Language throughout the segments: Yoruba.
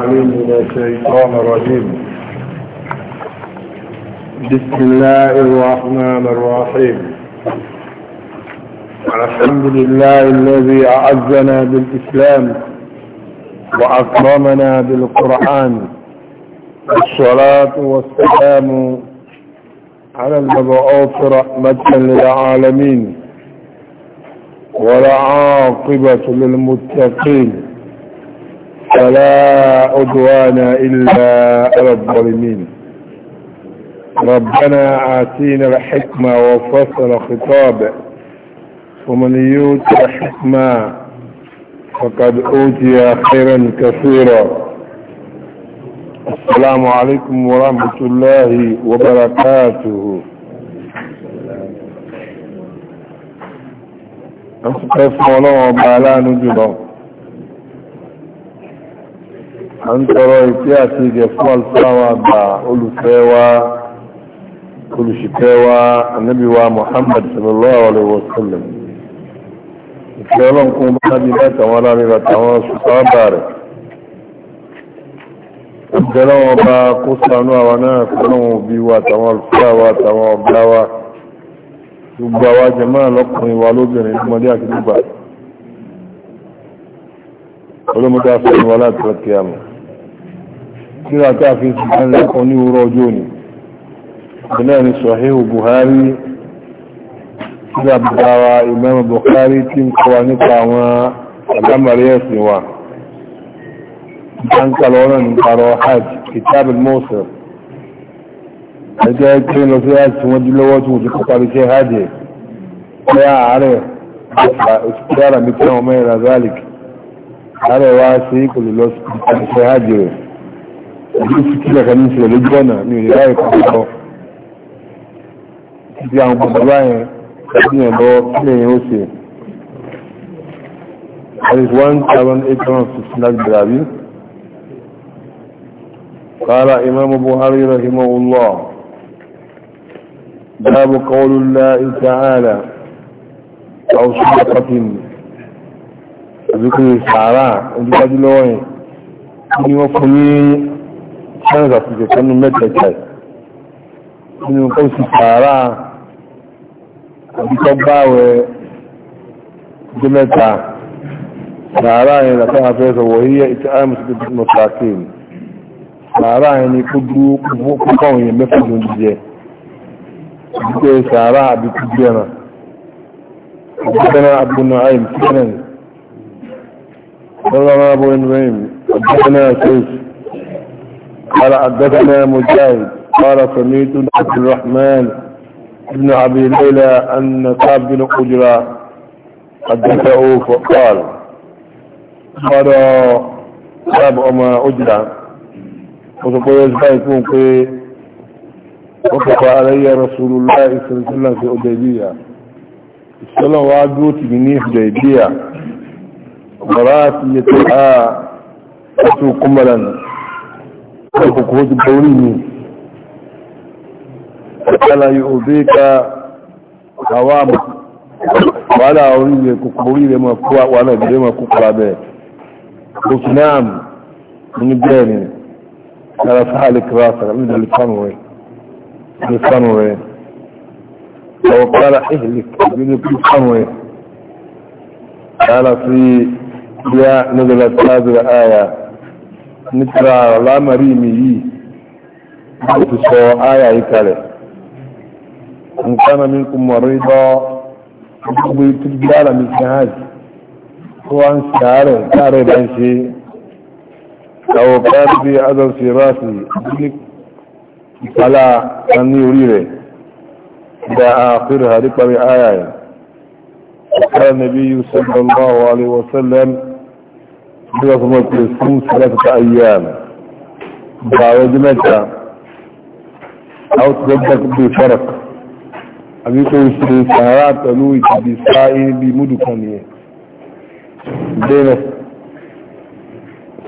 العليم من الشيطان الرجيم بسم الله الرحمن الرحيم الحمد لله الذي أعزنا بالإسلام وأكرمنا بالقرآن الصلاة والسلام على المبعوث رحمة للعالمين ولا عاقبة للمتقين فلا عدوان إلا على الظالمين ربنا آتينا الحكمة وفصل خطابه ومن يوت الحكمة فقد أوتي خيرا كثيرا السلام عليكم ورحمة الله وبركاته أنت قيس مولانا وبعلا نجده a ń tọrọ ìpẹ́ àti ìgẹ̀ fún alfáwà bá olùfẹ́wà olùṣìkẹ́wà annabiwa muhammad sallallahu alaihi wasallam ìfẹ́ ọlọ́nkún bá nábi látàwọn alárin àtàwọn ṣùgbọ́n rẹ̀ ìbẹ̀lọ́wọ́n bá kó sánú àwọn náà kọ́lọ́wọ́n bí wa àtàwọn alfáwà àtàwọn ọ̀gáwà gbogbo àwọn jẹ́mọ́ lọ́kùnrin wa gbogbo kíra tá a fi ṣùgbọ́n lẹ́kọ̀ọ́ ní òwúrọ̀ ọjọ́ òní ìbílẹ̀ ní sọ̀híhù Buhari kíra bàbáwa Imam Bukhari tí ń kọwa nípa àwọn àlámàrí ẹ̀sìn wa ìtànkà lọ́rọ̀ ní parọ́ hajj kìtàbí mọ́sẹ̀ ẹjẹ́ kí lọ sí hajj tí wọ́n dí tí wọ́n ti kọ́ parí sí hajj rẹ̀ ìlú fìtílẹ̀ kan ní ìṣẹ̀lẹ̀ lójú ọ̀nà ní ìlú láì kọ̀ọ̀kan lọ títí àwọn bàbá báyẹn lọ́dún ẹ̀lọ́ kílẹ̀ yẹn ó ṣe àdìs 1850 láti bẹ̀rẹ̀ àbí قال إمام بخاري رحمه الله باب قول الله تعالى أو صدقة ذكر الشعراء عندك أجل وين ni wọ́n fún ní sẹ́yìn àfihàn kanú mẹ́tẹ̀ẹ̀kẹ́ nínú kó sì sàárà àbíkọ́ báwẹ̀ jẹ́ mẹ́ta sàárà yẹn lọ́pẹ́ àfẹ́sọ̀ wọ̀nyíyẹ́ ìtẹ́ àmùsùn tó mọ̀tàkì sàárà yẹn ni kó dúró púpọ̀ òyìn mẹ́fà ló ń jẹ àbíkọ́ sàárà àbíkọ́ jẹ́ràn حدثنا أبو نعيم سنن قال أبو نعيم حدثنا سيف قال حدثنا مجاهد قال سميت عبد الرحمن بن ابي ليلى ان كعب بن اجرى حدثه فقال قال كعب اما اجرى وتقول يزبايكم في وقف علي رسول الله صلى الله عليه وسلم في أديبية السلام وعدوت مني في أديبية وراتي يتعا أتو قملا òkùnkùn ó ti bọ orí mi ọ̀tọ́lá yóò bí ká àwọ́ àmà wàhálà orí rẹ̀ kòkòrò orí rẹ̀ mọ̀ kó wàhálà ìbílẹ̀ mọ̀ kó kọ́ra bẹ́ẹ̀ náà ní bẹ́ẹ̀ ni sáàlì kíra ní ìdàlùfánù nípa lámàrí mi yìí ó ti sọ áyà yìí kalẹ̀ nǹkan mi kò mọ̀rọ̀ ìdọ́ gbogbo ìtúgbí alàmì sí hajj tó wá ń ṣe ààrẹ káàrẹ̀ bá ń ṣe àwọn káàrẹ̀ bí adọ́sí ráàsì ní ìpàlá kan ní orí rẹ̀ da àkúrò àríparí áyà yìí قال النبي صلى الله عليه وسلم nígbà fún mọ́ pé fún sẹ́lẹ̀kọta ayé àmì gbà àwọn ọdún mẹ́ta outback bí farak àbí kò ṣe sàárà pẹ̀lú ìtàbí sáyé bí múdù kan nìyẹn bẹ́ẹ̀rẹ̀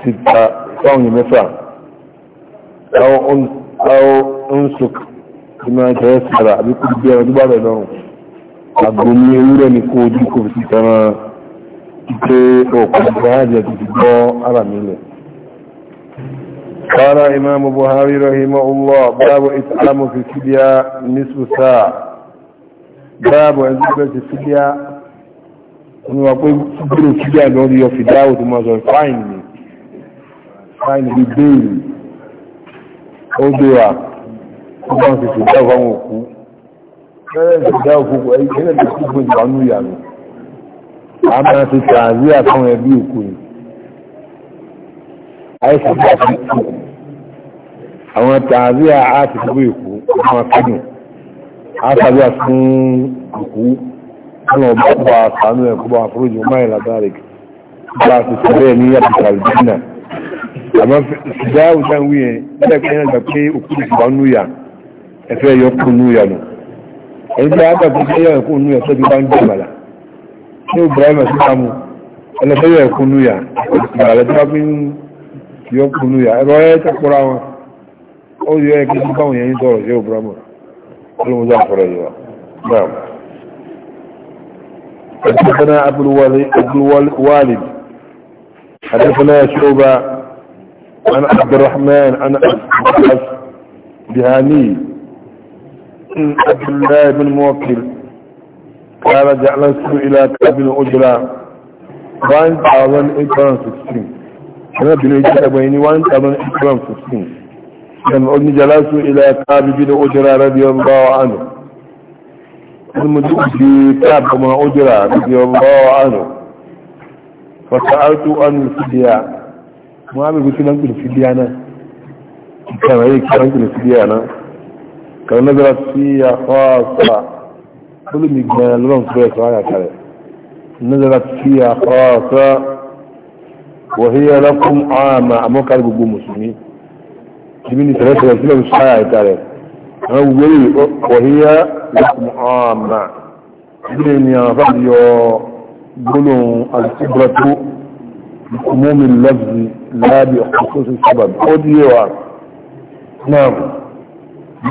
síta sáwọn mẹ́fà àwọn oúnṣùk tí máa ń tẹ̀yẹ́ sára àbí kò bí ẹran tó bá rẹ̀ lọ́rùn àgbò ní ewúrẹ́ ni kò ojú kò fi síta pé òkun buhari ẹ̀tù ti gbọ́ ara nílẹ̀ kọ́nà imamu buhari rahimahu allah báàbù ìsìlámù fi sídíá nísù sáà báàbù ẹ̀zùgbẹ́ ti sídíá wọ́n wá pé gbúrò sídíá lọ rí ọfì dáwò tó máa sọ fáìn ní fáìn ní bẹ́ẹ̀lì ó dé wa ó òkú ẹ̀rẹ́ ìsìdáwò fún a máa fi tààrí àtàwọn ẹbí òkú ni àìsàn bá fi tó àwọn tààrí àti tó èkó àwọn akẹ́dùn àtàrí àfún òkú àwọn ọba ọba àtàánú ẹ̀kọ́ bá àfúrójì máì labarik bá ti sọ̀rẹ́ ní àpùtà àlùjínà àmọ́ ṣùgbá òjá ń wíyẹn nígbà pé ẹ̀yàn gbà pé òkú ti wà nú yà ẹ̀fẹ́ yọkùn nú yà nù ẹ̀yìn tí a gbà pé ẹ̀yàn kùn nú yà sọ́jú bá ń gbà ní Ibrahim sílámù ẹlẹ́fẹ́yẹ̀ kúnúyà ìgbàlẹ̀ tó bá fi ń yọ kúnúyà ẹ̀rọ ẹ̀ tẹ́kọ́ra wọn ó yọ ẹ̀kí tí báwọn yẹn ń sọ̀rọ̀ sí Ibrahim olùmọ́sá fọ̀rọ̀ yìí wà حدثنا عبد الوالد حدثنا شعبة عن عبد الرحمن عن بهاني عبد الله بن موكل قال جعلت إلى كعب الأجرة 1816 أنا بن إجرة بيني 1816 كان أجني جلست إلى كعب بن أجرة رضي الله عنه المدوء في كعب ما أجرة رضي الله عنه فسألت عن الفدية ما أبي قلت لك الفدية أنا كان هيك كان الفدية أنا كان نظرت فيها خاصة كل مجمع لهم سبيت وعلى كلام نزلت فيها خاصة وهي لكم عامة أما كان يقول مسلمين جميل ثلاثة وثلاثة مش حياة تعالى أولي وهي لكم عامة جميل يا رضي قلوا الكبرة بكموم اللفظ لا بخصوص السبب خذ نعم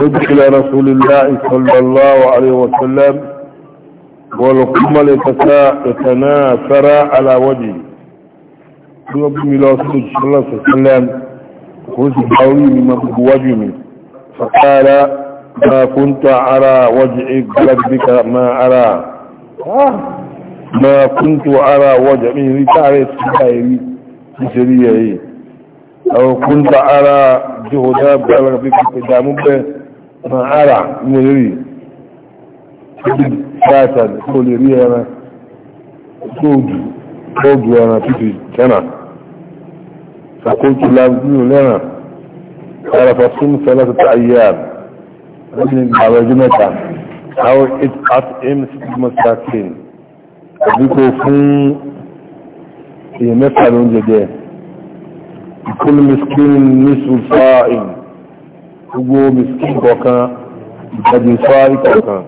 بدخل رسول الله صلى الله عليه وسلم والقمل يتناثر على وجهه رب الله صلى الله عليه وسلم قلت بحولي مما بوجهي فقال ما كنت على وجهك بك ما أرى ما كنت على وجهي رتاري سبائري سريعي أو كنت على جهدا بلغ بك قدام ما أرى مريد dáadáa kó lè rí ẹran tóòdù tóòdù ẹran títí jẹ́nà àkójú lábúrú lẹ́ràn àràfà fún sẹ́lẹ́sẹ̀tà ayé àrùn àwọn ẹjọ́ mẹ́ta àwọn atmstigmastatin àbíkò fún èèyàn mẹ́fà ló ń jẹjẹ ìkúlù miskin nísù sáà gbogbo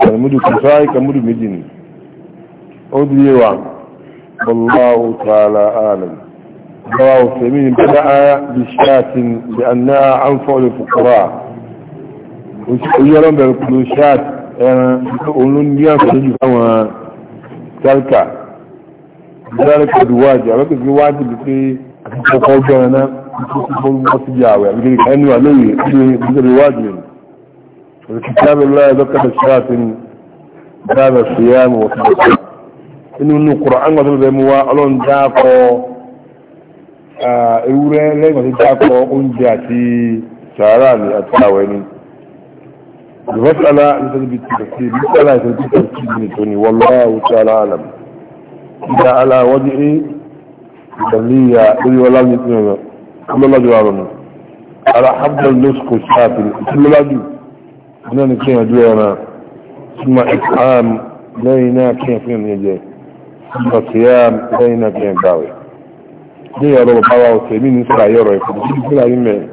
kan mudu kifai kan mudu méjì ni ó di yé wa wallahu ta'ala alam rawahu samin bada'a bi shatin bi annaha anfa lil fuqara ó yẹ ron bẹ̀rẹ̀ kulu shat ẹran olun ní àfẹ́ jù fáwọn tálkà ìdárẹ́kọ̀ ìwájú àwọn kìí wájú bí pé àkọ́kọ́ gbẹ̀rẹ̀ náà tó ti fọ́rúmọ́ sí ìyàwó àbíkẹ́ ẹnu àlóyè ìdíje ìwájú yìí الكتاب الله ذكر الشياطين باب الصيام والصلاة إنه القرآن مثل بموا ألون دافو ewúrẹ́ lẹ́yìn ọ̀sẹ̀ dákọ̀ oúnjẹ àti sàárà ní àtàwẹ̀ ni ìfẹ́sàlá ìfẹ́sàlá ìfẹ́sàlá ìfẹ́sàlá ìfẹ́sàlá ìfẹ́sàlá wallahu ta'ala alam ìdá aláwọ́dí ní ìdàlíyà lórí ọlá ní ìpínlẹ̀ ọlọ́lọ́jọ́ àrùn aláhábùn lóṣùkò sáàfin ìtìlọ́lájú náà kí ẹ̀yàn dúró ẹran súnmọ́ ìkàm lẹ́yìn náà kí ẹ̀yàn fún ẹ̀yàn jẹ súnmọ́ síyàm lẹ́yìn náà kí ẹ̀yàn gbàwẹ̀ ní ọ̀rọ̀ bàbá wa ọ̀sẹ̀ mí ní sọ̀rọ̀ ayọ̀rọ̀ ẹ̀kọ́ tó ti fúnra yín mẹ́rin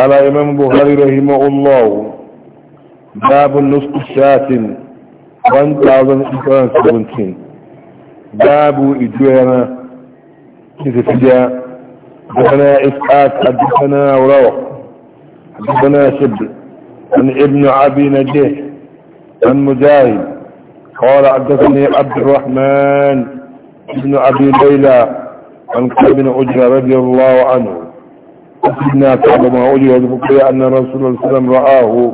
ara imam buhari rahimu allahu babu nusku shatin 1817 babu ìdú ẹran kí ti fi jẹ́ دفنا إسحاق حدثنا وروح حدثنا شبل عن ابن عبي نجيح عن مجاهد قال حدثني عبد الرحمن ابن أبي ليلى عن بن عجره رضي الله عنه سيدنا كعب ما أجرى ذكر أن رسول الله صلى الله عليه وسلم رآه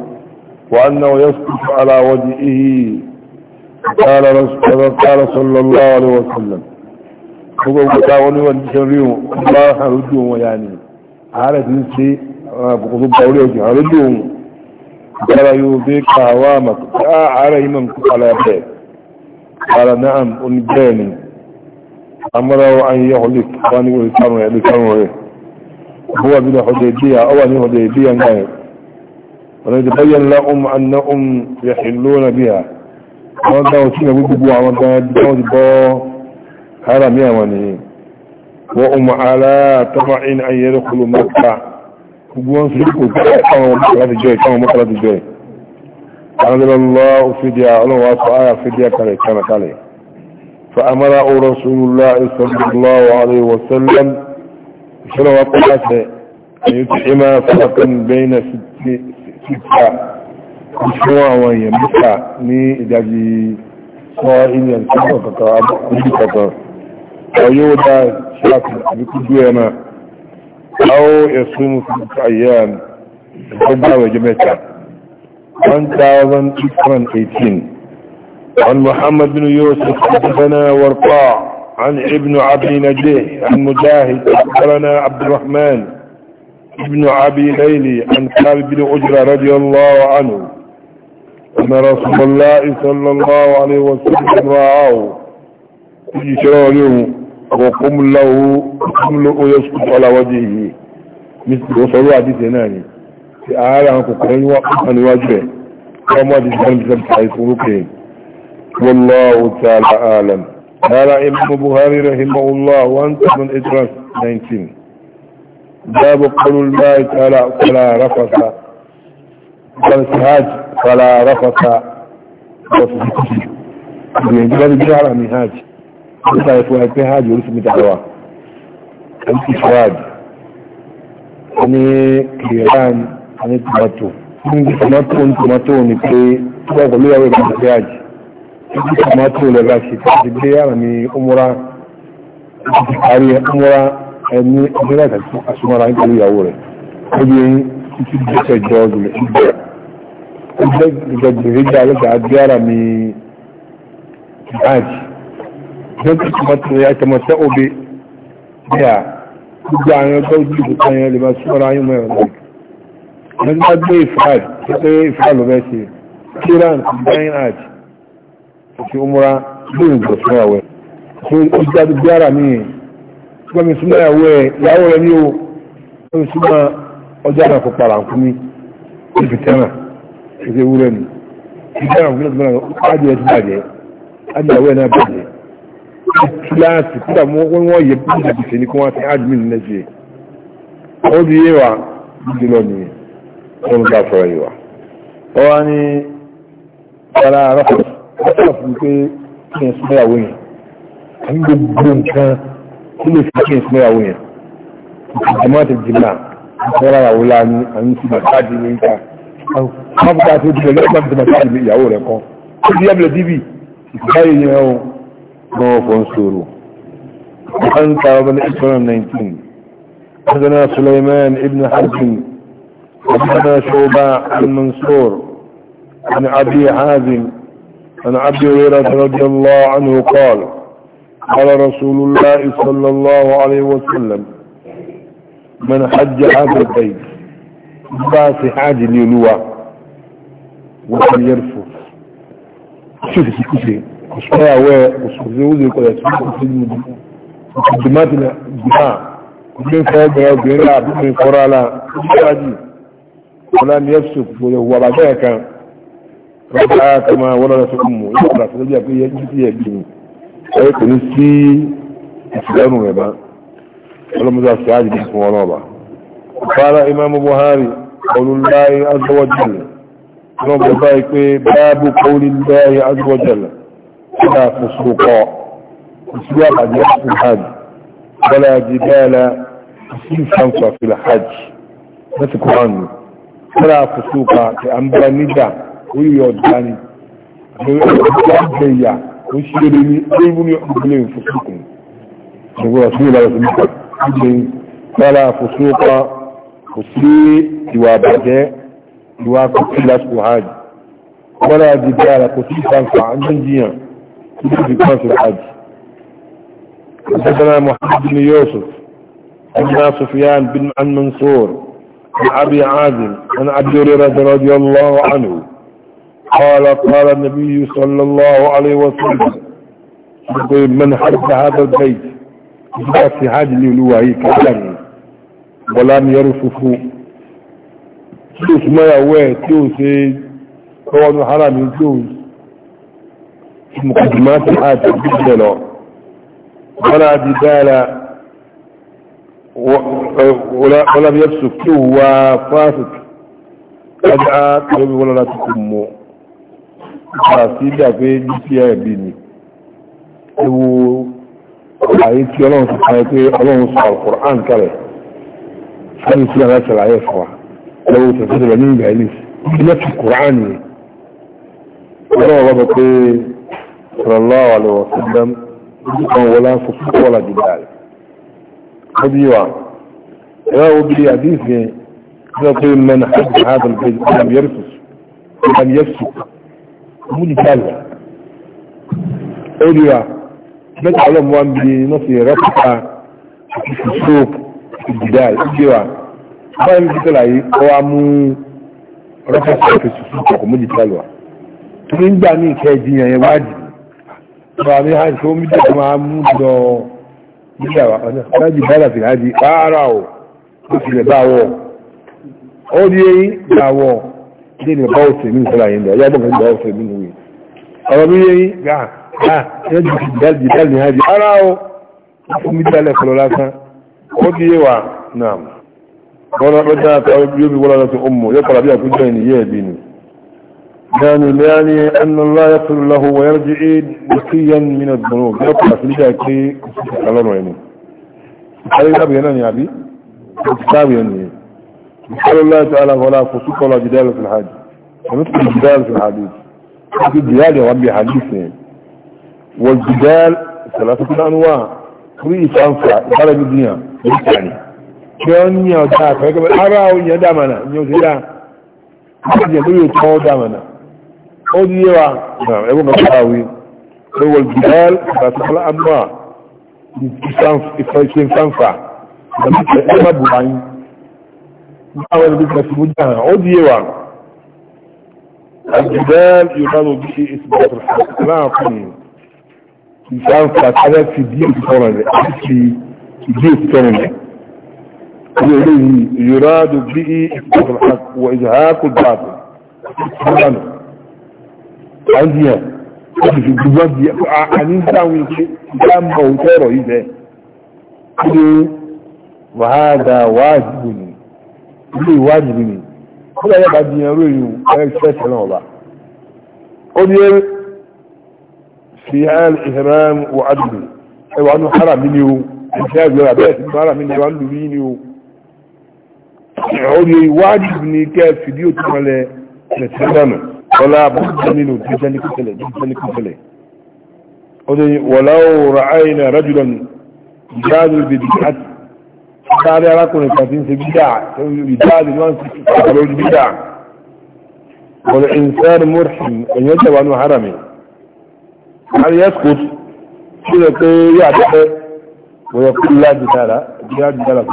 وأنه يسقط على وجهه قال رسول قال صلى الله عليه وسلم هو بتاوني والشريو الله رجوم يعني عارف نسي آه، بقصد قولي وجه رجوم قال يوبيك عوامك لا علي من على بيت قال نعم أنجاني أمره أن يهلك وأن يهلكانه يهلكانه هو بن حديبية أو أن حديبية نائب ونتبين لهم أنهم يحلون بها wọ́n dáwọn tí ìyàwó gbogbo àwọn dáadáa ti bọ́ hàrà mí àwọn nìyí wọ́n umar aláàtọ́fà in ayyẹ́rẹ́ kúlù mọ́ta gbogbo wọn sì kò kọ́ àwọn ọmọ kan láti jọ ẹ̀ káwọn ọmọ kan láti jọ ẹ̀ alhamdulillah ofidia ọlọ́wọ́ sọ ayà fidia kalẹ̀ kánà kalẹ̀ fa amara o rasulullah sallallahu alaihi wa sallam ìṣẹ́lẹ̀ wa kọ́ láti ẹ̀yẹ tí ẹ máa fàkàn bẹ́ẹ̀nà síta ìṣẹ́ àwọn èèyàn mẹ́ta ní ìdajì sọ ilẹ̀ kankan kankan ọyọ́ dá ṣáàkì àbíkú dúẹ̀ náà أو يصوم ثلاثة أيام الحبة وجميتها ايتين عن محمد بن يوسف حدثنا ورقاع عن ابن عبي نجيه عن مجاهد أخبرنا عبد الرحمن ابن عبي ليلي عن خالد بن أجرة رضي الله عنه أن رسول الله صلى الله عليه وسلم رآه شراء اليوم وقمله قمله يسقط على وجهه مثل وصلوا حديث هناني يعني. في أعلى آية كوكرين وقفن وجهه كما تجعل بسبب حيثونكين والله تعالى أعلم قال إمام بخاري رحمه الله وأنت من إدراس 19 باب قول الله تعالى فلا رفث والسهاج فلا رفث وفي الكتب يعني بلاد الجعل من هاج nípa ẹ̀fọ́ ẹgbẹ́ hajj orísun mítà lọ́wà ẹ̀mí fúrad ẹni kìrìán ẹni tomato ní ibi tomato ní tomato ní pé tó ọkọ̀ lórí àwọn ìgbà ẹgbẹ́ hajj ibi tomato lẹ́gbà ṣe tó ti gbé yàrá ní ọmọra ti parí ọmọra ẹni ọdún láti àṣùmọ́ra nítorí ìyàwó rẹ̀ ó di títí bí ó ṣe jọ ọdún ìgbẹ́ ìgbẹ́ ìgbẹ́ ìgbẹ́ ìgbẹ́ ìgbẹ́ ìgbẹ́ don ta kamata ya kamata obe daya gbogbo àwọn ọjọ́ ojú ìbùkún yẹn lè máa súnmọ́ra yín mẹ́rin náà wọ́n bá gbé ìfàd pé ìfàd lọ́bẹ̀ ṣe kíran combine art àti umra bí ìgbà súnmọ́ àwẹ̀ tó ó jáde bí ara mi súnmọ́ mi súnmọ́ àwẹ̀ ìyàwó rẹ̀ ní o wọ́n mi súnmọ́ ọjọ́ àná kò para mi ó fi tẹ́nà ìṣe mi ìṣe àwọn ọ̀gbìn náà ti kíláàsì kúrò wọ́n wọ́n yẹ bí ìdàbí ṣe ní kí wọ́n ti admin lẹ́jẹ̀ ó di yé wa dídí lọ nìyẹn wọ́n bá fọ́rọ̀ yìí wa. ó wá ní ọ̀rá rọ́pọ̀ rọ́pọ̀ kwa pé kí n súnmọ́ ìyàwó yẹn kwa gbogbo nǹkan kí lè fi kí kwa súnmọ́ ìyàwó yẹn Kwa ti jìnnà ìjọba ìyàwó láàánú àmì ìsúnmọ́ káàdì ní ìta wọ́n fi ká tó jìnnà lọ́pọ̀ ìjọba káàdì ìyàwó rẹ̀ kan ó di yẹ́bìlẹ̀ díbì ìgbáyé yẹn o موقع سورو وأنت بن إسلام نينتين حدنا سليمان ابن حزم حدنا شعباء المنصور عن عبي حازم عن عبي هريرة رضي الله عنه قال قال رسول الله صلى الله عليه وسلم من حج حاج البيت باس حاج للواء وهل يرفض شوف شوف وشوية وصوزيوزي كده يسمعوا في مقدماتنا جماعة من فوق يا بيرا من فورا لا شادي ولم يفسق وبعدك ربها كما ولدت امه يقرا فجاه في يجي يجي ويكون سي اسلام ربا ولم ذا سعاد بسم الله قال امام البخاري قول الله عز وجل رب بايك باب قول الله عز وجل ولا فسوقا اسلوب عجلات الحج ولا جبال في شمسة في الحج بس قرآن ولا فسوقا كأنبا نجا ويوداني ويوداني وشيرني أيبني أبلين فسوقني يقول رسول الله صلى الله عليه ولا فسوقا فسي يوابعجي يوابعجي لاسكو حاج ولا جدال فسي شمسة عن جنجيان في كاس الحج حدثنا محمد بن يوسف عن سفيان بن عن منصور عن ابي عازم عن عبد هريره رضي الله عنه قال قال النبي صلى الله عليه وسلم يقول من حج هذا البيت في حج الولايه كلام ولم يرففه توس ما يا وي ẹ̀ tí ó ṣe مقدمات عادة جدا ولا جدال ولا ولا يفسك هو فاسد قد عاد ولا لا تكمو فاسد في جسيا يبيني هو عيد يلون سبحانه يلون سبحانه القرآن كله هل يسير هذا سبع يسوع لو تفضل من بعليس في نفس القرآن يلون ربطي صلى الله عليه وسلم كان ولا صفوف ولا جدال خبيوان يا أبي حديثي يقول من حج هذا البيت لم يرفس لم يفسق مو جدال أولياء نتعلم وان بنصي رفع في السوق في الجدال خبيوان ما يمكن تلاقي هو مو رفع في السوق مو جدال torí ń gbà ní ìkẹ́ ìjìyàn yẹn wájì fàmí hajj kó mídà tó máa mú lọ mídà wà ọ̀nà láti bára sí hajj rárá o ó ti lè bá wọ̀ ó ní eyín bá wọ̀ ní ìlú bá òsè mí nìkan láyé ń lọ ọjọ́ bọ̀ nígbà òsè mí nìwé ọ̀rọ̀ mi eyín gbà gbà yẹn ti dá di dá ní hajj rárá o ó fún mídà lẹ̀ fọlọ́ lásán ó ní eyín wà náà wọ́n lọ́dọ̀ àtàwọn yóò fi wọ́n lọ́dọ̀ sí ọmọ yóò kọ́ra يعني يعني أن الله يغفر له ويرجع نقيا من الذنوب يقول في ذلك كلام يعني هل يذهب أبي كتاب يعني قال الله تعالى ولا فسوق ولا جدال في الحج ومثل الجدال في الحديث في الجدال يا ربي حديثين والجدال ثلاثة أنواع كل أنفع قال الدنيا يعني كان يا دافع كما أراه يا دمنا يا زيدا هذا يقول يتوه دمنا أوليوا نعم ابن الطاوي هو الجبال فاتقل أما إفايشين سنفع لمسة أمب وعين معاول بكنا في مجهة أوليوا الجبال يراد به إثبات الحق لا أقول إنسان فاتحدث في دين بطولة في دين بطولة يراد به إثبات الحق واجهاق الباطل àndìyàn láti fi gbogbo di àníntàwọn ìdámọ̀ òtẹ́rọ̀ ilẹ̀ ilé wàhádà wáàdìbò ní ilé ìwádìí ní ó dáyé bá di ẹrú ìrìn ẹ̀ẹ́sẹ̀sẹ̀ náà bá ó ní ẹrẹ́ sí al-ihram wa adìbò ẹwà ní hara mi ni o ẹ̀ṣẹ́ àgbẹ̀rẹ̀ abẹ́ ẹ̀sìn hara mi ni wà lù mí ni o ó ní ìwádìí ní kẹ́ fìdí òtún mọ́lẹ̀ ẹ̀sìn náà ولا بد منه جدا كتلة جدا كتلة ولو رأينا رجلا يجاد البدعة قال يا راكم كافين في بدع يجاد الوان في البدع والإنسان مرحم أن يجب عنه حرمه هل يسكت كده إيه؟ يعتقد ويقول لا جدال لا جدال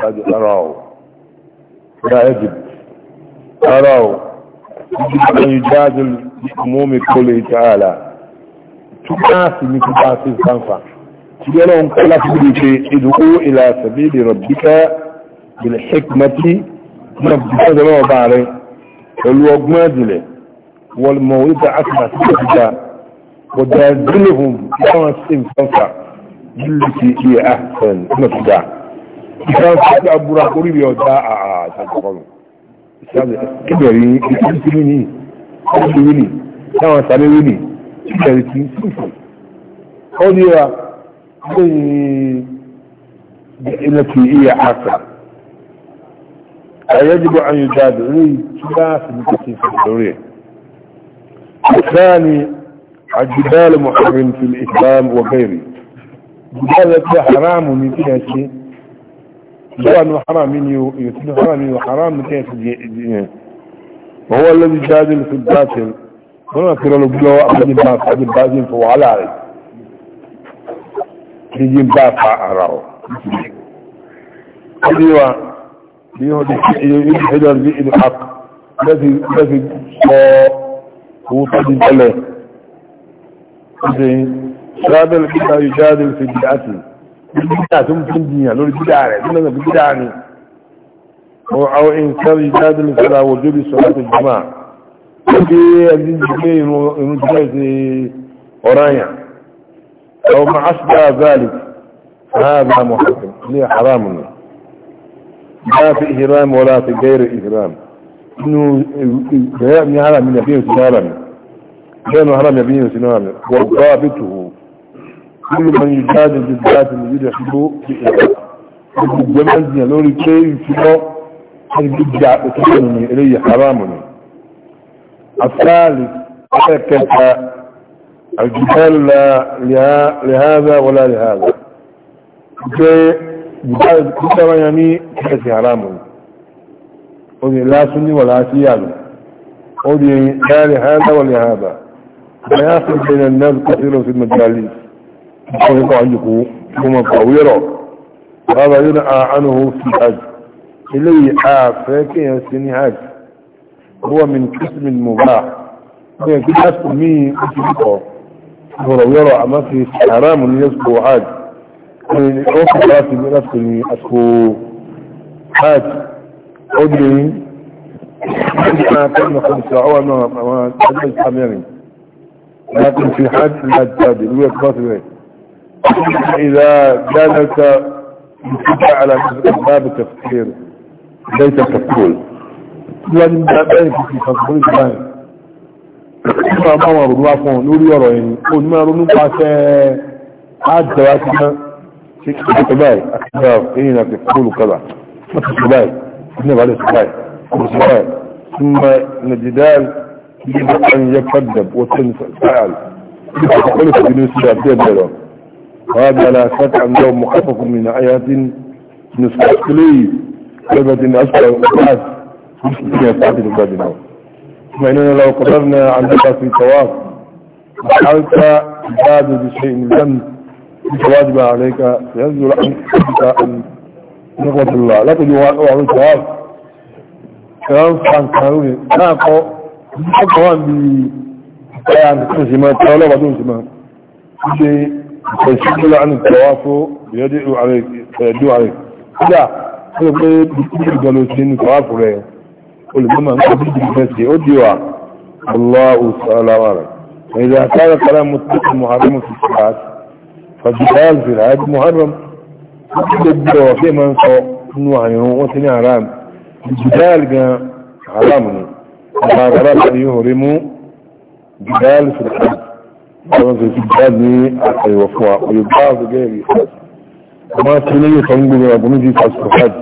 لا يجب أراه أن يجادل بأموم قوله تعالى تناسي نكباسي سنفع تجلون قلت بك ادعو إلى سبيل ربك بالحكمة نبدأ دلوه باري والوقما دلي والموئدة أكبر سنفع ودازلهم تناسي سنفع جلتي هي أحسن نفع كان سيد أبو رحوري بيوتا آآ آآ kébẹ̀rẹ̀ ìtìlítì ní ọdún wílì táwọn sàbẹ̀ wílì kébẹ̀rẹ̀ tí sífù ó ní wa lẹ́yìn ilẹ̀kì iya àṣà àyẹ́jìbọ̀ àyùjáde rí kíláàsì ní kò sí lórí ẹ̀ ìsáàni àjùbáàlù muhammed fi islam wa bẹ̀rẹ̀ jùbáàlù pé haramu ní kí حرام يتبع حرام وحرام كيف وهو الذي جادل في الباطل هنا كرا لبلوه أحد الباطل أحد الباطل فهو على عليه يجي مدافع أراه دي يحضر به الحق الذي الذي هو قد عليه هذا الذي يجادل في الباطل وإنكار إجاد المسألة وجوب صلاة الجماعة وكي يجبين ونجبين أورايا أو ما أشبه ذلك هذا محكم ليه حرام لا في إهرام ولا في غير إهرام إنه جاء من هذا من يبين سنوارا جاء من هذا من يبين سنوارا وضابطه كل من ان بالذات الذي يحبه بإخلاص الجمع الدنيا لوري كيف يفيده هل يبدع أتمنى إليه حرامني الثالث أكد الجبال لهذا ولا لهذا جبال كتما يعني كيف حرامني ودي لا سني ولا سيال ودي لا لهذا ولا لهذا لا يصل بين الناس كثير في المجالس ويقع يقو ثم قويره هذا ينعى عنه في الحج إليه عافاك يا سيني حج هو من قسم المباح هي كتاب مي أتبقى ولو يرى ما في حرام يسكو حج من أوقف راسي بنفسني أسكو حج أدري أنا كان خمسة أول ما تدرس حميري لكن في حاج لا تتابع إذا جالس يتبع على باب التفكير ليس التفكير يعني من بابين في تفكير الله ما ما الله فون نور يروين قد ما رنو قاسة عاد دواتنا شكرا تباي أكتاب إينا تقول كذا ما تتباي إنه عليه تباي تباي ثم الجدال يجب أن يكذب وتنفعل يجب أن يكذب بالنسبة لهم وهذا لا شك أنه مخفف من آيات نسخة لي كلمة أسفل وقعت مش يفعل البادنا ثم إننا لو قدرنا عندك في طواف حالك بعد بشيء من ذنب واجب عليك ينزل عنك أن نقوة الله لا تجوا على الطواف كلام سبحان كاروني لا أقول حقا بي كان كل شيء ما تقول وبدون شيء فيشكل عن التواف يدعو عليك فيدعو عليك لا هو بيقول الجلوسين التواف عليه قل بما مقبل بنفسه أدعو الله سأل وعليك فإذا كان كلام مطلق محرم في الصلاة فالجهال في العهد محرم يدعو وفي من سوء نوعنه وثني حرام الجهال حرام حرام أن يهرموا جهال في العهد wọ́n ti jáde ní àtẹ̀wọ̀ fún wa òye bá àwọn gẹ́rì máa tí ní yóò sọ́ngbò rẹ̀ bú ní ti fàṣọ hajj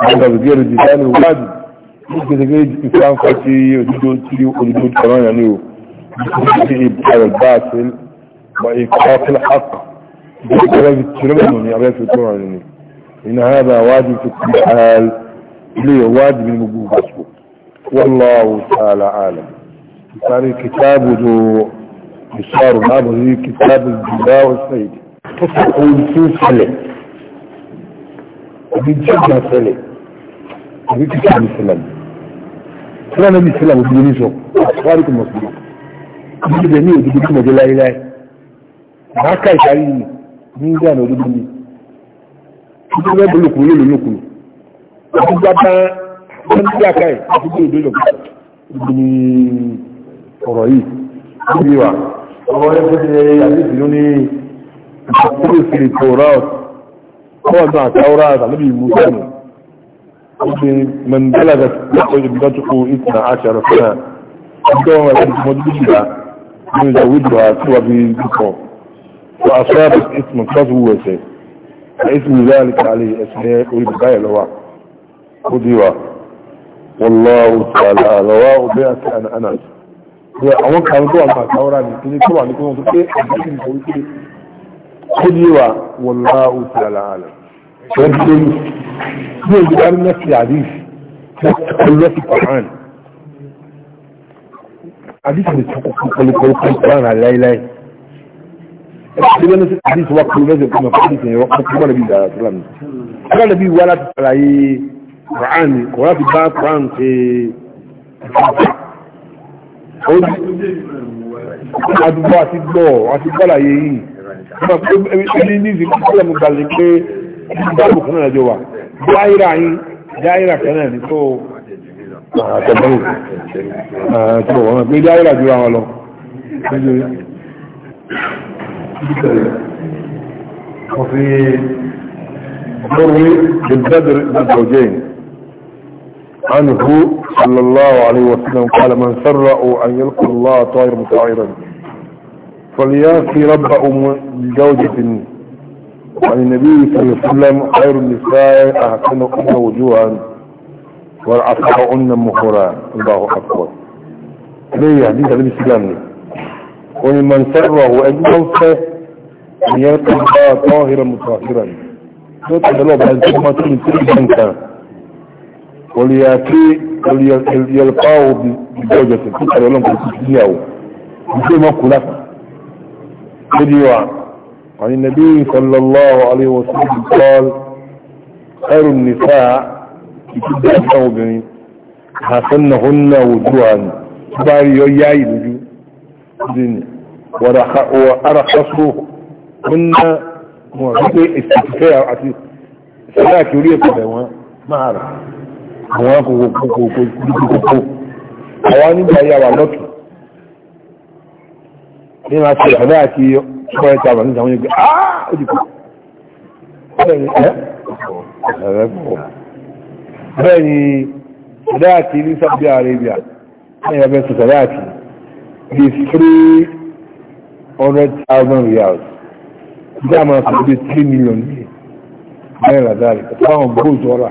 wọ́n gbàgbé gẹ́rì ti sáré wájú ní gẹ́gẹ́ ìfẹ́ fẹ́ sí òdúdó tí òdúdó tọ̀rọ̀ yẹn ní o في إبقاء الباطل وإيقاف الحق بكرة ترمني عرف ترمني إن هذا واجب في كل حال لي واجب من وجوب والله تعالى عالم ثاني كتاب ذو ìṣòro báàbò rí kìtàbù jùlọ ọ̀sẹ̀ tó sàkóyí tí ó ṣẹlẹ̀ àbí jẹ́gbà ṣẹlẹ̀ àbí kìtàbù ṣẹlẹ̀ ṣẹlẹ̀ náà bí ṣẹlẹ̀ òbí ní sọ wárí kò mọ̀ sí i bí ní òdìdí kí mọ̀jẹ́ láíláí àáká ìṣàrí ní ìgbàna òdìdí ni títí wọ́n bọ̀ lókùn lólo lókùn àti gbàgbà wọ́n ní àká ẹ̀ àti bí òdìdí lókùn ní ọ̀rọ̀ yìí ọmọ ẹgbẹ́ ti ẹyẹ àdìsí ló ní ìṣàkóso ìfìlì tòráùt ọwọ́dún àtàwọ́rá àtàlóbi ìmúsánù ọdún mandela ga lọ́pọ̀ ìjọba tukú ìtìnà àṣà rọ̀fẹ́nà ọjọ́ wọn àti ìmọ̀ dúdúdà ní ìjà wíjọ àti wà bí dúkọ̀ wọ àṣọ́yàbọ̀ ìtìmọ̀ tọ́sù wù ẹ̀sẹ̀ ìtìmọ̀ ìzáàlì kàlẹ̀ ẹ̀sẹ̀ orí bàbá ẹ̀ lọ́wà ó dìwà wọ́n lọ́wọ́ tààlà lọ́wọ́ ọbẹ̀ àti àná pé àwọn kan tó wà ní àtàwọ́rà ní kí ní tó wà ní kí wọ́n tó pé àbúrò ìfò wípé ó ní wà wọ́n lá òsì àlàálẹ̀ wọ́n ti lórí ní èdè bá nílẹ̀ sí àdìs ọlọ́ sí kọ̀ọ̀án àdìs lè tó kọ́kọ́ ti bá kọ̀ọ̀án ṣe àdúgbò àti gbọ́ àti gbọ́láyé yìí ẹni ní ìsìnkú sílẹ̀ mú gbàlẹ̀ pé ìgbàlù kan náà jọ wà dáírà yìí dáírà kan náà ní tó àtẹ̀bọ́rù àtẹ̀bọ̀ wọn pé dáírà jù àwọn lọ وفي ضر بالبدر بالزوجين عنه صلى الله عليه وسلم قال من سرأوا أن يلقوا الله طائر متعيرا فليأتي أم بجوجة عن النبي صلى الله عليه وسلم خير النساء أحسنهن وجوها أن مخورا الله أكبر ليه حديث النبي صلى الله عليه وسلم ومن سره أجوفه أن يلقى الله طاهرا مطهرا بأن تكون ولياتي وليلقاه بزوجته كنت على لهم كنت تجيهو بشيء ما كلها بديوا عن النبي صلى الله عليه وسلم قال خير النساء يكد أبنه بني حسنهن وجوها باري يوياي وجوه دين ورخصوه وعطي معجبة استفاء سلاك يريد ما عارف àwọn kòkòkòkòkòkò àwọn nígbà yà wà lọ́tù ní ma ṣe ọ̀dá àti ọ̀pọ̀ ẹ̀ta àwọn nígbà wọ́n yẹ pé àà ah! ó dìkọ̀ bẹ́ẹ̀ ni ọ̀dá àti ní Saudi Arabia ní ẹ̀bẹ̀ tó sọ̀dá àti bí 300,000 riyals dáàmà sọ̀dá 3 million ní ẹ̀rọ àdáàrí pẹ̀lú àwọn gbóòjọ́ rà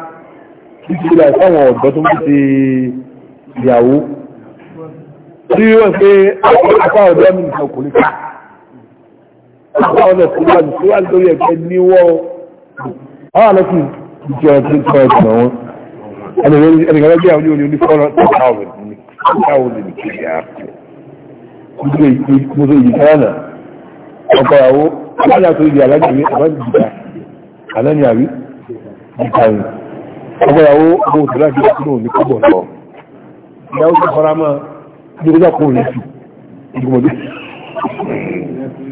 ìjìlá ìfáwọn ọ̀dọ́ tó ń ti ìyàwó tí wọ́n pé apá ọ̀dọ́ mi nìkan kò ní ká ọ̀dọ́ tó wà ní síwájú lórí ẹ̀kẹ́ níwọ́ àwọn àlọ́kì ìjọ ẹ̀kẹ́ ìjọ ẹ̀kẹ́ wọn ẹnìkan lọ́gbẹ́ àwọn oní onífọ́nà tó tó yìí ọgbọ́yàwó ọmọ òdúrà bí ọdún òní kọ́bọ̀ lọ ìyàwó tó fara mọ́ ìdíkọjá kó lè fi ìgbìmọ̀dé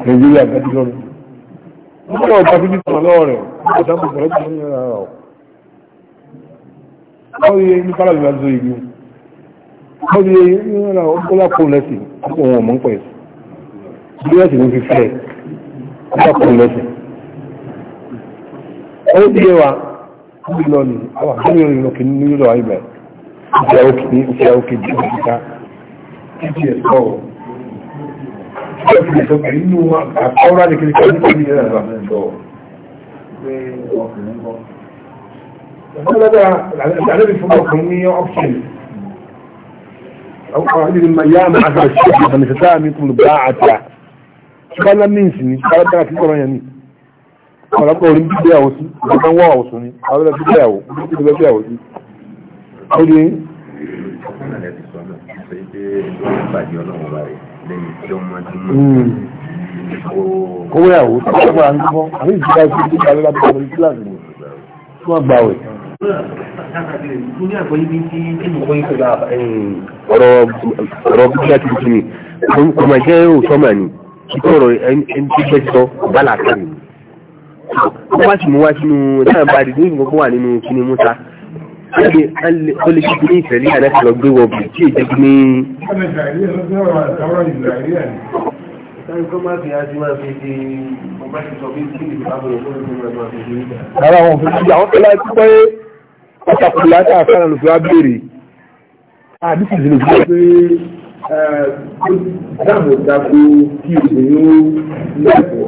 nàìjíríà gbájú lọ́rùn nígbà ọba fi bíi tọ̀nà lọ́wọ́ rẹ̀ ó dáàbò bọ̀rọ̀ tó ní ara ọ̀ ó yẹ ní fara mi lọ́dún ìlú ó yẹ ní ara ọgbọ́lá kó lẹ́sìn ọkọ̀ wọn mọ̀ ń pẹ̀ bí lẹ́sìn ló fi fẹ́ ọgbọ́lá kó lẹ́sìn ó di ẹwà kúrò lọ ní àwọn àgbẹ̀rẹ̀ ìrìn lókè ní ìlú àìbẹ̀ ìfẹ́ òkè ní ìfẹ́ òkè jù ìfẹ́ títí ẹ̀kọ́ ọ̀ nínú àkọ́rọ̀ àdìkiri kan ní ìlú ẹ̀rọ àmẹ́jọ́ ọ̀pọ̀lọpọ̀ àlẹ́bí fún ọkùnrin ní ọ́pṣìn àwọn àdìrí ma yá máa àgbà ṣe àmì sẹ́sáàmì kùn bá àtà ṣùgbọ́n lámìnsì ní ṣùgbọ́n lámìnsì ní ọ̀lọ́pọ̀ orí bíbẹ́ àwọ̀ sí ọ̀gbọ́n wọ́ àwọ̀ sùn ni àwọ̀lọ́ bíbẹ́ àwọ̀ bíbẹ́ bíbẹ́ àwọ̀ sí. ó di. owó àwọ̀ tó ń bá ń bọ́ àbí ìjọba sí ibi ìgbà lọ́la bíbẹ́ àwọ̀ kíláàsì ni fún àgbà wẹ̀. ọ̀rọ̀ ọ̀rọ̀ bíbẹ́ àti bíbẹ́ ni kò máa jẹ́ òótọ́ mà ní kíkọ́ ọ̀rọ̀ ẹni tí bẹ́ẹ̀ sọ bá làákà nìyí wọ́n bá sì mú wá sínú náà bá dìde ní gbogbo wà nínú kíní múta ó lè ṣíkú ní ìfẹ̀lẹ́ àdáṣe lọ gbé wọ̀bù tí èjì kí ní. Ara àwọn òfin àwọn fẹ́lá ti pẹ́ pàtàkì láti àfẹ́ràn olùfẹ́ wa béèrè. Àdìsí ìlú ti pé dáàbò dáko kí obìnrin ó lẹ́kọ̀ọ́.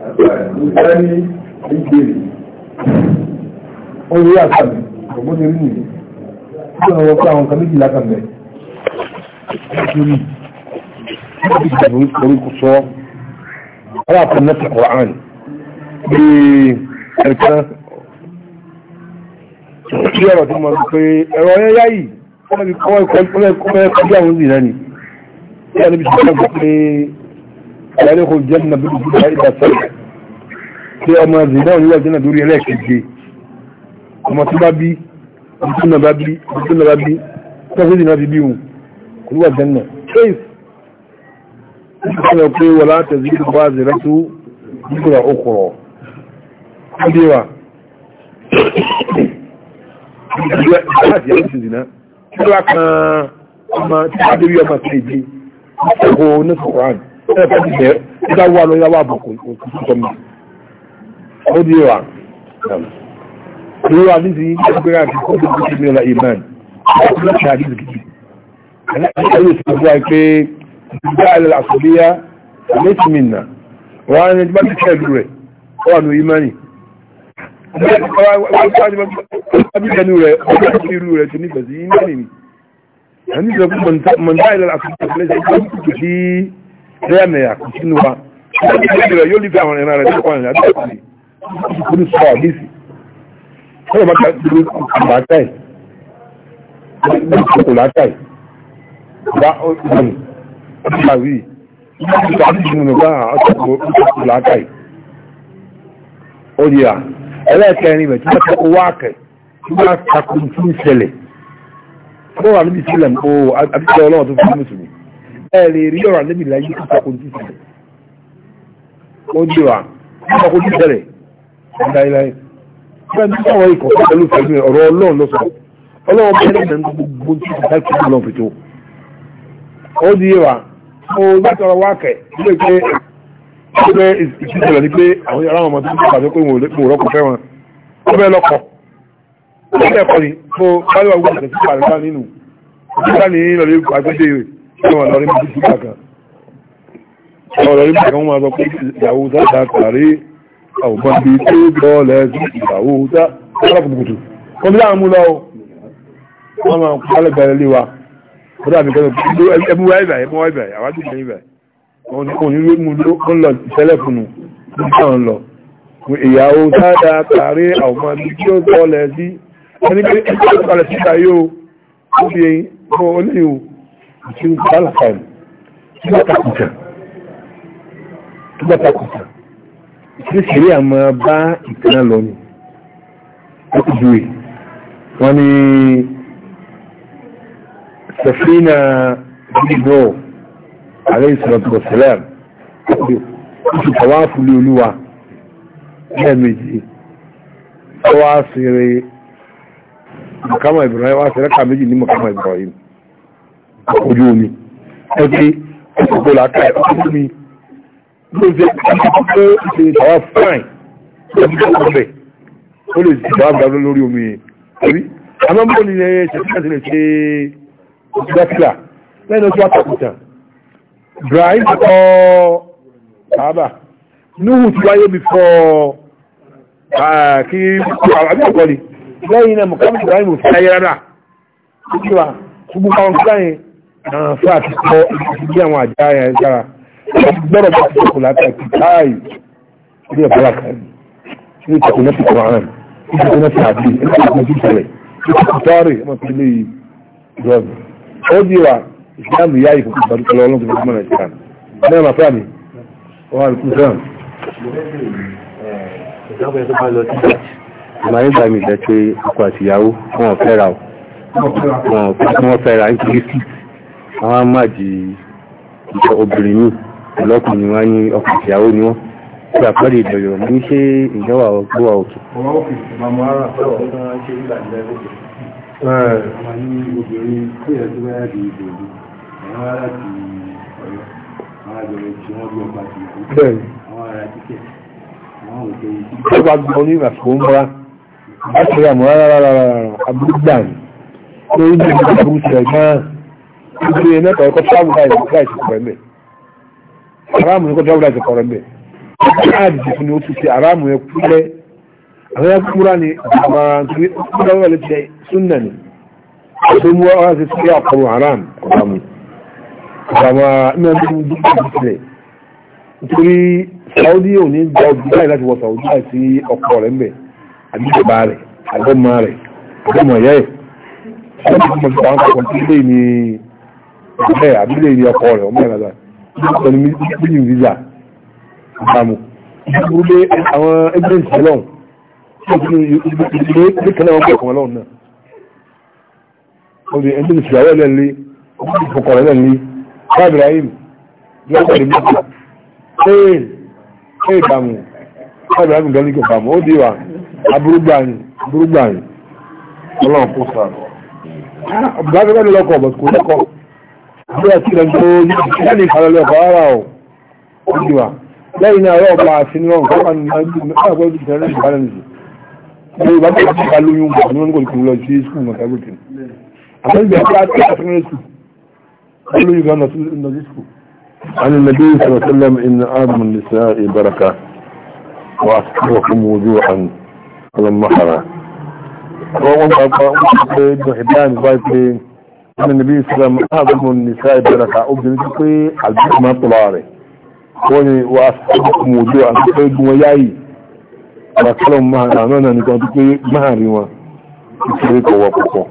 ẹni ìgbèrè orí àkàmì ọgbọ́n ti rí nìyí tí wọ́n wọ́n fún àwọn kan méjìlá kan bẹ̀ nítorí wọ́n ti gbàgbé orúkọ sọ ọlá kan náà tẹ̀kọ̀ àrùn bí ẹ̀ka tí ọ̀rọ̀ tí mo sọ pé ẹ̀rọ ọ̀yẹ́ yá yìí wọ́n ti kọ́ ẹ̀kọ́ ẹ̀kọ́ bí àwọn ìrìnà ni tí wọ́n ti sọ pé alẹ́kọ̀ọ́ jẹ́nà bí i bá ìgbà sẹ́yìn tí ọmọ zina òníwà jẹ́nà lórí ẹlẹ́ẹ̀keje ọmọ tó bá bí ọdún náà bá bí ọdún náà bá bí tọ́sí ìdìnnà ti bí wù kò ní wà jẹ́nà kéèsì ìṣẹ̀lẹ̀ pé wọ́n láti ẹ̀sìn ìdìbò bá zẹ̀rẹ̀ tó nígbà okòrò ọdún wa láti ẹ̀sìn zina tí wọ́n kan ọmọ tí wọ́n adébí ọmọ sí ìdí ọkọ̀ oníṣòkòrò àná ẹ bá ti bẹ̀rẹ̀ ẹ bá wà lọ yà wà bùkún òkú sọ mi ó di wa ìwà ní ti gbé àti kó tó kó tó mi ọ̀la iman ọkùnrin láti àdí ìdìkì ayé ìsìn fún wa pé ìgbà àlẹ́ àkọ́bíyá àmẹ́sì mi nà wọ́n á ní ẹjọ́ bá ti kẹ́ẹ̀lú rẹ̀ wà ní imani abidanu rẹ ọjọ́ irú rẹ ti nífẹ̀ẹ́ bẹ́ẹ̀ mẹ́yà kò sínú wa yóò lífẹ́ àwọn ẹ̀rọ rẹ̀ tó kọ́ ìrìn àjò ìpínlẹ̀ kò ní sọ àdéhìí ọ̀rọ̀ bá kàdúró àbátáì ní ìṣòkò látàì bá ọ̀gbìn ọ̀gbàwí ìgbà àdéhìí nínú bá ọ̀ṣọ́kò látàì ó di à ẹlẹ́ẹ̀kẹrin rẹ̀ tí wọ́n tẹ́kọ̀ wá kẹ̀ tí wọ́n takùn fún ìṣẹ̀lẹ̀ bọ́wà níbi sílẹ̀ ó àbíkẹ́ ọlọ́run tó fún mùsùlùmí ẹ lè rí ọ̀rọ̀ àdébì láyé kí ìtàkùn ti sẹ̀rẹ̀ ó dé wa ìtàkùn ti sẹ̀rẹ̀ láéláé fẹ́ẹ́ tó àwọn ikọ̀ tó pẹ̀lú fẹ́mi ọ̀rọ̀ ọlọ́run lọ sọ ọlọ́run bẹ́ẹ̀ náà ní gbogbo tí kò sáà kí lọ́n fìtó ó di wa mo gbàtọ̀rọ̀ wá kẹ̀ ilé pé pé ìṣẹ̀lẹ̀ ni pé àwọn ará wọn tó ń pàdé pé mo rọ́kọ̀ fẹ́ wọn ó bẹ́ẹ̀ lọ́kọ̀ ó bẹ́ẹ̀ kọ́ ni mo bá lọ́wọ́ gbọ́dọ̀ tó pàdé bá nínú ìdílé ní ìlọ̀lẹ́ àgbẹ̀dẹ̀ rẹ̀ àwọn ọ̀nà orílẹ̀ èdè kan àwọn ọ̀nà orílẹ̀ kan wọ́n sọ pé ìyàwó dáadáa tààrí àwòbọ̀n bí tó bọ́ọ̀lẹ̀ sí ìyàwó dáadáa kùtù wọ́n bí láwọn mú lọ wọ́n máa kú alẹ́gbẹ̀rẹ̀ lé wa wọ́n dàbí kọ́ ẹbú wá ibẹ̀ ẹbú wá ibẹ̀ àwájú ìgbẹ̀ ibẹ̀ wọ́n ní òní ló mú ló ń lọ ìṣẹ́lẹ̀ fúnnu ní sàn lọ ìyàwó dáadáa tààrí àwòbọ̀n bí tó bọ́ọ̀lẹ̀ sí ẹni pé ẹni pé ó kalẹ̀ síta yóò ó fi ẹyin kọ́ ọ cikin balkan tíba takùtà tíba takùtà tí sẹ́rí àmọ́ bá ìtànà lọ ni wọ́n ti jùwé wọ́n ni safina gbígbó alayhi salatu wassalam oṣù tawafu lé olúwa lẹ́ẹ̀mejì ọwọ́ àṣírí makama ibrahim wá sí rẹ́kà méjì ní makama ibrahim ojú omi ẹgbẹ́ ọ̀pọ̀ làkà ọ̀pọ̀ omi ló ṣe ọ̀pọ̀ ṣe ìdáwà fáìn lórí ọ̀pẹ̀ ó lè ṣe ìdáwà gbàgbé lórí omi rí àmọ́ bó ni ẹyẹ ṣe fún àtìlẹ̀ ṣe ìdáfíà lẹ́nu tó àtàkùtàn Ibrahim kọ́ Kaaba Nuhu ti wáyé bifọ́ kí àbí ọ̀gọ́ ni lẹ́yìn náà mọ̀kámù Ibrahim ò fi ayé rárá ṣùgbọ́n àwọn kíláyìn àwọn fún àti kọ́ bí àwọn àjá yẹn sára gbọ́dọ̀ bá ti kò látàkì káàyè ilé ìbára kan ilé ìtàkùn náà ti kọ̀ àrùn ilé ìtàkùn náà ti àbí ilé ìtàkùn ti sẹlẹ̀ ilé ìtàkùn tọ́rì ọmọ tó lé ìrọ̀rùn ó di wa ìsìlámù yá ìfòkù pàdé pẹ̀lú ọlọ́run tó mọ̀ nàìjíríà náà màfà mi wà á kún sẹ́wọ̀n. ìjọba ẹ̀ tó bá lọ sí ìmáyé àwọn amáàdì ìjọ obìnrin mi ọlọ́kùnrin wá ní ọkọ̀ ìyàwó ni wọ́n tí àpẹẹrẹ ìdọ̀yọ̀ mú ní ṣe ìjọwà ọgbọ́wà òkè Ọgbà gbọ́ ní ìrìnàṣò ń bọ́ra, láti rà mọ́ rárá rárá rárá, abúrúgbà ní, lórí ìgbà burú ṣẹ̀gbọ́n ìdílé yẹn mẹ́ta ẹ̀kọ́ tíráàmù láìsí kọ̀rọ̀ ẹ̀mẹ́ aráàmù ẹ̀kọ́ tíráàmù láìsí kọ̀rọ̀ ẹ̀mẹ́ káàdì fún ni ó ti ṣe aráàmù ẹ̀ kúlẹ̀ àwọn ẹ̀kọ́ kúrà ni àwọn kúrà wọlé ti súnà ni tó mú ọ́rá ti sí àkọrù aráàmù kọ̀rọ̀mù kọ̀rọ̀mù ẹ̀mẹ́ tó mú dúkìá ti sílẹ̀ nítorí Saudi ò ní gba ọdún láì láti wọ Saudi àti ọkọ rẹ̀ mbẹ̀ àbí bàbá rẹ̀ àgbọ̀mọ rẹ̀ àgbọ̀mọ ìyá ẹ̀ bẹ́ẹ̀ àbílẹ ìdí ọkọ rẹ ọmọ ìrànlá ìdíkọni mílíọnù visa ìdààmú ìdíkọni àwọn evidence ọlọ́run ìdílé ìdíkọni àwọn ọkọ ọlọ́run náà ọdún ẹni tí ìyàwó ẹlẹ ńlẹ ọdún ìfọkọ ẹlẹ ńlẹ ọdún Ibrahim lọ́pọ̀ ní mẹ́ta ee ee ìdààmú ọdún Ibrahim gan ní kò bàmú ó di wa aburúgbàyìn aburúgbàyìn ọlọ́run kò sàn ọ̀gá gbẹ́gbẹ́ lọ́kọ̀ ọ̀bọ̀ kò lọ́kọ̀ọ́. عن النبي صلى الله عليه وسلم ان اعظم النساء بركه واسكركم وجوعا على المحرم. ẹni níbi ìsìlẹ̀m ààbùn nìsá ìbẹ̀rẹ̀ka obìnrin tó pé àlùbíkù máa tọ̀lá rẹ̀ wọ́n ni wà sọ́kùn òjò àti pé gun wọn yáyì àbàkálọ̀ mọ́hànà nìkan tó pé máàrin wọn ìṣeré kọ̀wọ́ púpọ̀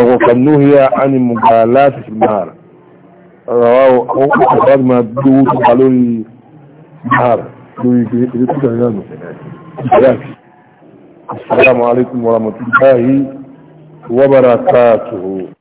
ọ̀wọ̀ kanúhíà àni mùgbà láti fi máàr ọ̀rọ̀ àwọn ọ̀pọ̀ عليكم ورحمة الله وبركاته